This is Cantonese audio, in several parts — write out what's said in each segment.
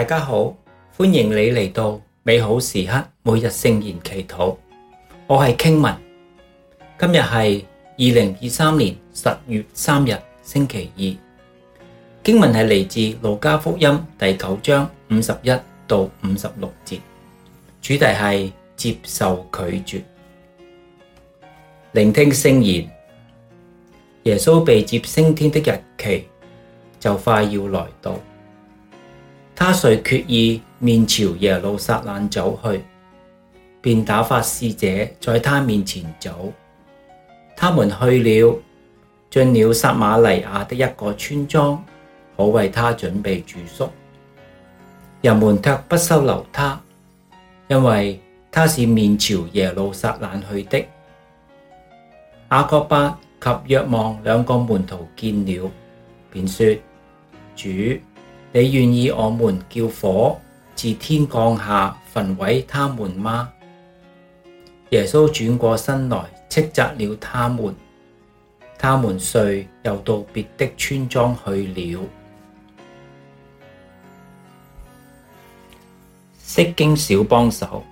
大家好，歡迎你嚟到美好時刻每日聖言祈禱。我係傾文，今日係二零二三年十月三日星期二。經文係嚟自路加福音第九章五十一到五十六節，主題係接受拒絕。聆聽聖言，耶穌被接升天的日期就快要來到。他遂決意面朝耶路撒冷走去，便打發使者在他面前走。他們去了，進了撒瑪黎雅的一個村莊，好為他準備住宿。人們却不收留他，因為他是面朝耶路撒冷去的。雅各伯及若望兩個門徒見了，便說：主。你願意我們叫火自天降下焚毀他們嗎？耶穌轉過身來斥責了他們，他們遂又到別的村莊去了。釋經小幫手，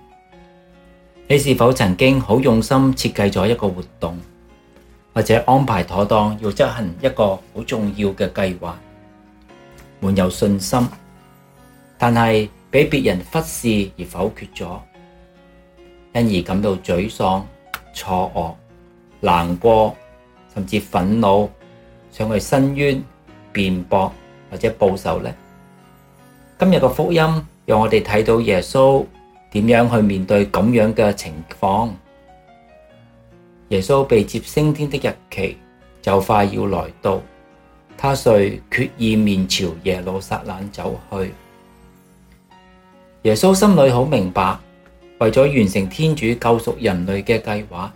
你是否曾經好用心設計咗一個活動，或者安排妥當要執行一個好重要嘅計劃？滿有信心，但係俾別人忽視而否決咗，因而感到沮喪、錯愕、難過，甚至憤怒，想去申冤、辯駁或者報仇呢。今日嘅福音讓我哋睇到耶穌點樣去面對咁樣嘅情況。耶穌被接升天的日期就快要來到。他遂決意面朝耶路撒冷走去。耶穌心裏好明白，為咗完成天主救贖人類嘅計劃，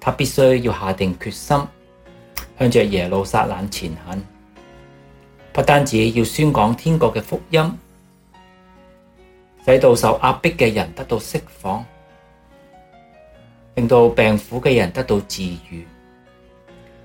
他必須要下定決心，向着耶路撒冷前行。不單止要宣講天國嘅福音，使到受壓迫嘅人得到釋放，令到病苦嘅人得到治愈。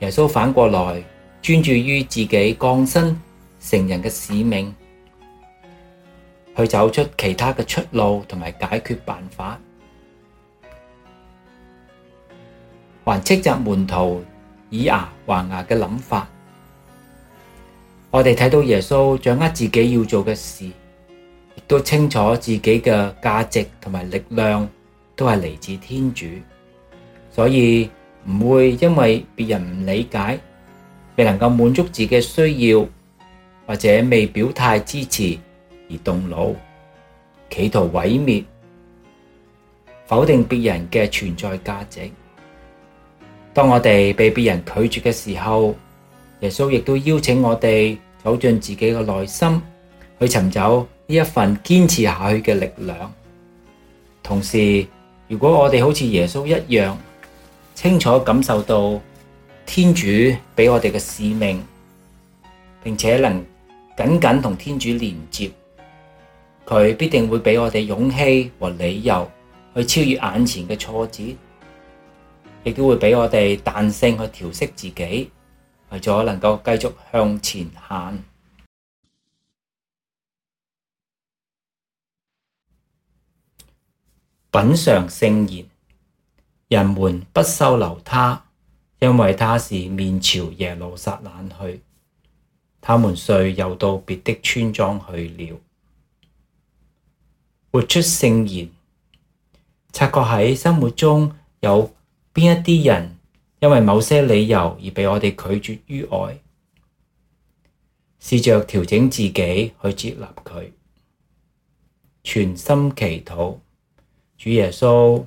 耶穌反過來專注於自己降生成人嘅使命，去走出其他嘅出路同埋解決辦法，還斥責門徒以牙還牙嘅諗法。我哋睇到耶穌掌握自己要做嘅事，亦都清楚自己嘅價值同埋力量都係嚟自天主，所以。唔會因為別人唔理解，未能夠滿足自己嘅需要，或者未表態支持而動怒，企圖毀滅、否定別人嘅存在價值。當我哋被別人拒絕嘅時候，耶穌亦都邀請我哋走進自己嘅內心，去尋找呢一份堅持下去嘅力量。同時，如果我哋好似耶穌一樣。清楚感受到天主畀我哋嘅使命，並且能緊緊同天主連接，佢必定會畀我哋勇氣和理由去超越眼前嘅挫折，亦都會畀我哋彈性去調適自己，為咗能夠繼續向前行。品嘗聖言。人們不收留他，因為他是面朝耶路撒冷去。他們遂又到別的村莊去了。活出聖言，察覺喺生活中有邊一啲人，因為某些理由而被我哋拒絕於外，試着調整自己去接納佢，全心祈禱，主耶穌。